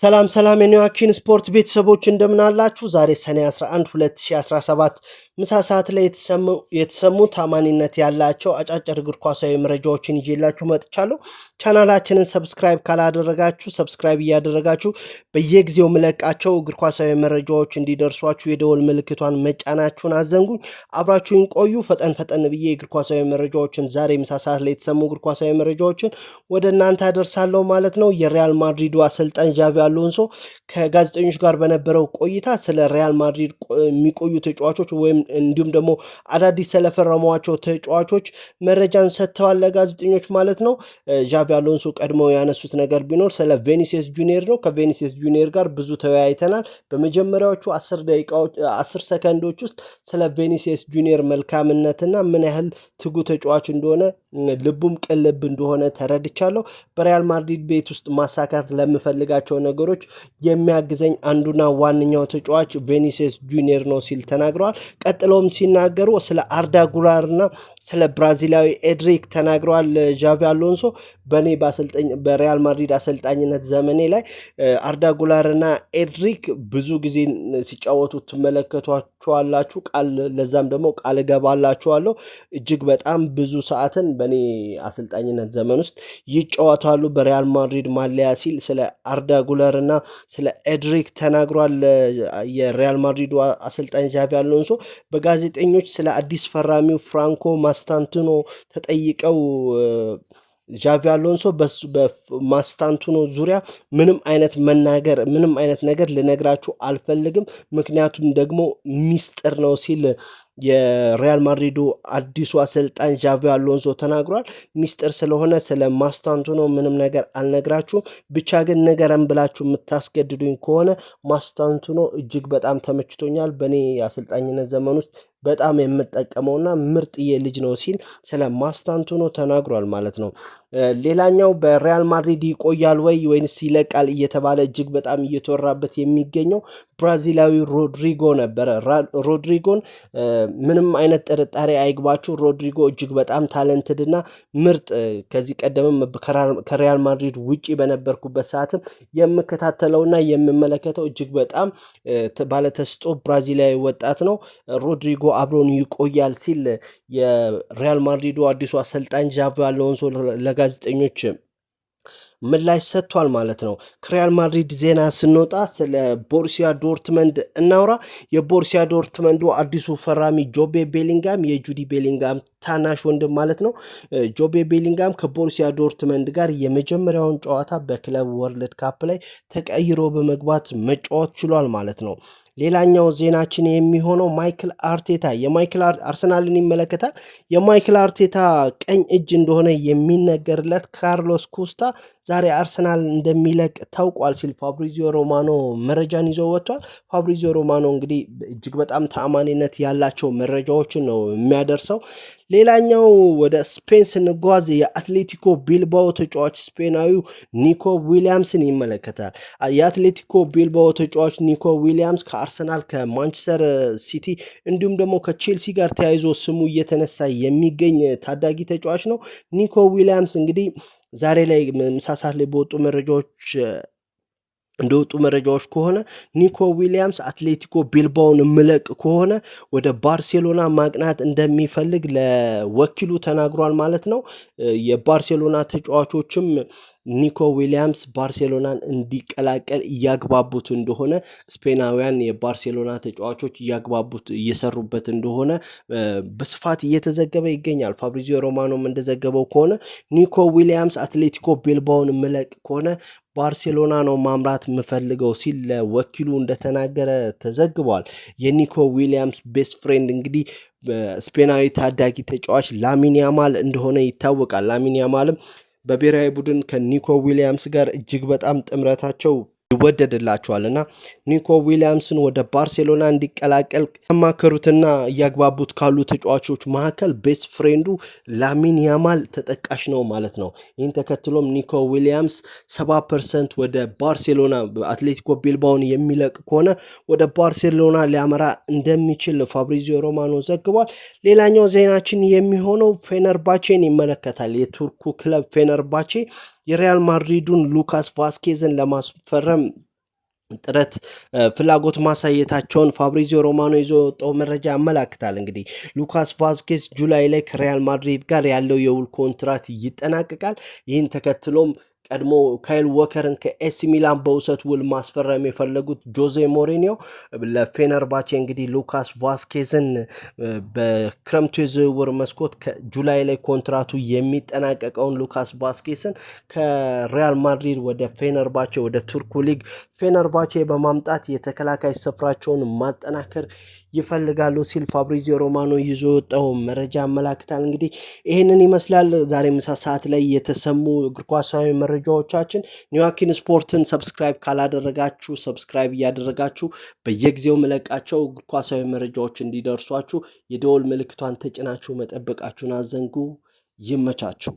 ሰላም ሰላም የኒዋኪን ስፖርት ቤተሰቦች እንደምናላችሁ። ዛሬ ሰኔ 11 2017 ምሳ ሰዓት ላይ የተሰሙ ታማኒነት ያላቸው አጫጭር እግር ኳሳዊ መረጃዎችን ይዤላችሁ መጥቻለሁ። ቻናላችንን ሰብስክራይብ ካላደረጋችሁ ሰብስክራይብ እያደረጋችሁ በየጊዜው ምለቃቸው እግር ኳሳዊ መረጃዎች እንዲደርሷችሁ የደወል ምልክቷን መጫናችሁን አዘንጉኝ። አብራችሁን ቆዩ። ፈጠን ፈጠን ብዬ እግር ኳሳዊ መረጃዎችን ዛሬ ምሳ ሰዓት ላይ የተሰሙ እግር ኳሳዊ መረጃዎችን ወደ እናንተ አደርሳለሁ ማለት ነው። የሪያል ማድሪዱ አሰልጣኝ ዣቪ አሎንሶ ከጋዜጠኞች ጋር በነበረው ቆይታ ስለ ሪያል ማድሪድ የሚቆዩ ተጫዋቾች ወይም እንዲሁም ደግሞ አዳዲስ ስለፈረሟቸው ተጫዋቾች መረጃን ሰጥተዋል ለጋዜጠኞች ማለት ነው። ዣቪ አሎንሶ ቀድመው ያነሱት ነገር ቢኖር ስለ ቬኒሲየስ ጁኒየር ነው። ከቬኒሲየስ ጁኒየር ጋር ብዙ ተወያይተናል። በመጀመሪያዎቹ አስር ደቂቃዎች አስር ሰከንዶች ውስጥ ስለ ቬኒሲየስ ጁኒየር መልካምነትና ምን ያህል ትጉ ተጫዋች እንደሆነ ልቡም ቅልብ እንደሆነ ተረድቻለሁ። በሪያል ማድሪድ ቤት ውስጥ ማሳካት ለምፈልጋቸው ነገሮች የሚያግዘኝ አንዱና ዋነኛው ተጫዋች ቬኒሴስ ጁኒየር ነው ሲል ተናግረዋል። ቀጥለውም ሲናገሩ ስለ አርዳ ጉላርና ስለ ብራዚላዊ ኤድሪክ ተናግረዋል። ዣቪ አሎንሶ በእኔ በሪያል ማድሪድ አሰልጣኝነት ዘመኔ ላይ አርዳ ጉላርና ኤድሪክ ብዙ ጊዜ ሲጫወቱ ትመለከቷቸዋላችሁ። ቃል ለዛም ደግሞ ቃል እገባላችኋለሁ እጅግ በጣም ብዙ ሰዓትን በእኔ አሰልጣኝነት ዘመን ውስጥ ይጫወታሉ በሪያል ማድሪድ ማሊያ ሲል ስለ አርዳ ጉለር እና ስለ ኤድሪክ ተናግሯል። የሪያል ማድሪዱ አሰልጣኝ ዣቢ አሎንሶ በጋዜጠኞች ስለ አዲስ ፈራሚው ፍራንኮ ማስታንትኖ ተጠይቀው ዣቪ አሎንሶ በማስታንቱኖ ዙሪያ ምንም አይነት መናገር ምንም አይነት ነገር ልነግራችሁ አልፈልግም፣ ምክንያቱም ደግሞ ሚስጥር ነው ሲል የሪያል ማድሪዱ አዲሱ አሰልጣኝ ዣቪ አሎንዞ ተናግሯል። ሚስጥር ስለሆነ ስለ ማስታንቱ ነው ምንም ነገር አልነግራችሁም፣ ብቻ ግን ነገረን ብላችሁ የምታስገድዱኝ ከሆነ ማስታንቱ ነው እጅግ በጣም ተመችቶኛል። በእኔ የአሰልጣኝነት ዘመን ውስጥ በጣም የምጠቀመውና ምርጥዬ ልጅ ነው ሲል ስለ ማስታንቱኖ ተናግሯል ማለት ነው። ሌላኛው በሪያል ማድሪድ ይቆያል ወይ ወይንስ ይለቃል እየተባለ እጅግ በጣም እየተወራበት የሚገኘው ብራዚላዊ ሮድሪጎ ነበረ። ሮድሪጎን ምንም አይነት ጥርጣሬ አይግባችሁ፣ ሮድሪጎ እጅግ በጣም ታለንትድ እና ምርጥ ከዚህ ቀደምም ከሪያል ማድሪድ ውጪ በነበርኩበት ሰዓትም የምከታተለውና የምመለከተው እጅግ በጣም ባለተስጦ ብራዚላዊ ወጣት ነው ሮድሪጎ አብሮን ይቆያል ሲል የሪያል ማድሪዱ አዲሱ አሰልጣኝ ዣቪ አሎንሶ ለጋዜጠኞች ምላሽ ሰጥቷል ማለት ነው። ከሪያል ማድሪድ ዜና ስንወጣ ስለ ቦሩሲያ ዶርትመንድ እናውራ። የቦሩሲያ ዶርትመንዱ አዲሱ ፈራሚ ጆቤ ቤሊንጋም የጁዲ ቤሊንጋም ታናሽ ወንድም ማለት ነው። ጆቤ ቤሊንጋም ከቦሩሲያ ዶርትመንድ ጋር የመጀመሪያውን ጨዋታ በክለብ ወርልድ ካፕ ላይ ተቀይሮ በመግባት መጫወት ችሏል ማለት ነው። ሌላኛው ዜናችን የሚሆነው ማይክል አርቴታ የማይክል አርሰናልን ይመለከታል። የማይክል አርቴታ ቀኝ እጅ እንደሆነ የሚነገርለት ካርሎስ ኩስታ ዛሬ አርሰናል እንደሚለቅ ታውቋል ሲል ፋብሪዚዮ ሮማኖ መረጃን ይዞ ወጥቷል። ፋብሪዚዮ ሮማኖ እንግዲህ እጅግ በጣም ተአማኒነት ያላቸው መረጃዎችን ነው የሚያደርሰው። ሌላኛው ወደ ስፔን ስንጓዝ የአትሌቲኮ ቢልባኦ ተጫዋች ስፔናዊው ኒኮ ዊሊያምስን ይመለከታል። የአትሌቲኮ ቢልባኦ ተጫዋች ኒኮ ዊሊያምስ ከ ከአርሰናል ከማንቸስተር ሲቲ እንዲሁም ደግሞ ከቼልሲ ጋር ተያይዞ ስሙ እየተነሳ የሚገኝ ታዳጊ ተጫዋች ነው። ኒኮ ዊሊያምስ እንግዲህ ዛሬ ላይ ምሳ ሰዓት ላይ በወጡ መረጃዎች እንደወጡ መረጃዎች ከሆነ ኒኮ ዊሊያምስ አትሌቲኮ ቢልባውን ምለቅ ከሆነ ወደ ባርሴሎና ማቅናት እንደሚፈልግ ለወኪሉ ተናግሯል ማለት ነው። የባርሴሎና ተጫዋቾችም ኒኮ ዊሊያምስ ባርሴሎናን እንዲቀላቀል እያግባቡት እንደሆነ ስፔናውያን የባርሴሎና ተጫዋቾች እያግባቡት እየሰሩበት እንደሆነ በስፋት እየተዘገበ ይገኛል። ፋብሪዚዮ ሮማኖም እንደዘገበው ከሆነ ኒኮ ዊሊያምስ አትሌቲኮ ቢልባውን ምለቅ ከሆነ ባርሴሎና ነው ማምራት የምፈልገው ሲል ለወኪሉ እንደተናገረ ተዘግቧል። የኒኮ ዊሊያምስ ቤስት ፍሬንድ እንግዲህ ስፔናዊ ታዳጊ ተጫዋች ላሚን ያማል እንደሆነ ይታወቃል። ላሚን ያማልም በብሔራዊ ቡድን ከኒኮ ዊሊያምስ ጋር እጅግ በጣም ጥምረታቸው ይወደድላቸዋልና ኒኮ ዊሊያምስን ወደ ባርሴሎና እንዲቀላቀል ያማከሩትና እያግባቡት ካሉ ተጫዋቾች መካከል ቤስት ፍሬንዱ ላሚን ያማል ተጠቃሽ ነው ማለት ነው። ይህን ተከትሎም ኒኮ ዊሊያምስ ሰባ ፐርሰንት ወደ ባርሴሎና አትሌቲኮ ቢልባውን የሚለቅ ከሆነ ወደ ባርሴሎና ሊያመራ እንደሚችል ፋብሪዚዮ ሮማኖ ዘግቧል። ሌላኛው ዜናችን የሚሆነው ፌነርባቼን ይመለከታል። የቱርኩ ክለብ ፌነርባቼ የሪያል ማድሪዱን ሉካስ ቫስኬዝን ለማስፈረም ጥረት ፍላጎት ማሳየታቸውን ፋብሪዚዮ ሮማኖ ይዞ ወጣው መረጃ ያመላክታል። እንግዲህ ሉካስ ቫዝኬስ ጁላይ ላይ ከሪያል ማድሪድ ጋር ያለው የውል ኮንትራት ይጠናቀቃል። ይህን ተከትሎም ቀድሞ ካይል ወከርን ከኤሲ ሚላን በውሰት ውል ማስፈረም የፈለጉት ጆዜ ሞሪኒዮ ለፌነርባቼ እንግዲህ ሉካስ ቫስኬዝን በክረምቱ የዝውውር መስኮት ከጁላይ ላይ ኮንትራቱ የሚጠናቀቀውን ሉካስ ቫስኬዝን ከሪያል ማድሪድ ወደ ፌነርባቼ ወደ ቱርኩ ሊግ ፌነርባቼ በማምጣት የተከላካይ ስፍራቸውን ማጠናከር ይፈልጋሉ ሲል ፋብሪዚዮ ሮማኖ ይዞ ወጣው መረጃ አመላክታል። እንግዲህ ይህንን ይመስላል ዛሬ ምሳ ሰዓት ላይ የተሰሙ እግር ኳሳዊ መረጃዎቻችን። ኒዋኪን ስፖርትን ሰብስክራይብ ካላደረጋችሁ ሰብስክራይብ እያደረጋችሁ በየጊዜው ምለቃቸው እግር ኳሳዊ መረጃዎች እንዲደርሷችሁ የደወል ምልክቷን ተጭናችሁ መጠበቃችሁን አዘንጉ። ይመቻችሁ።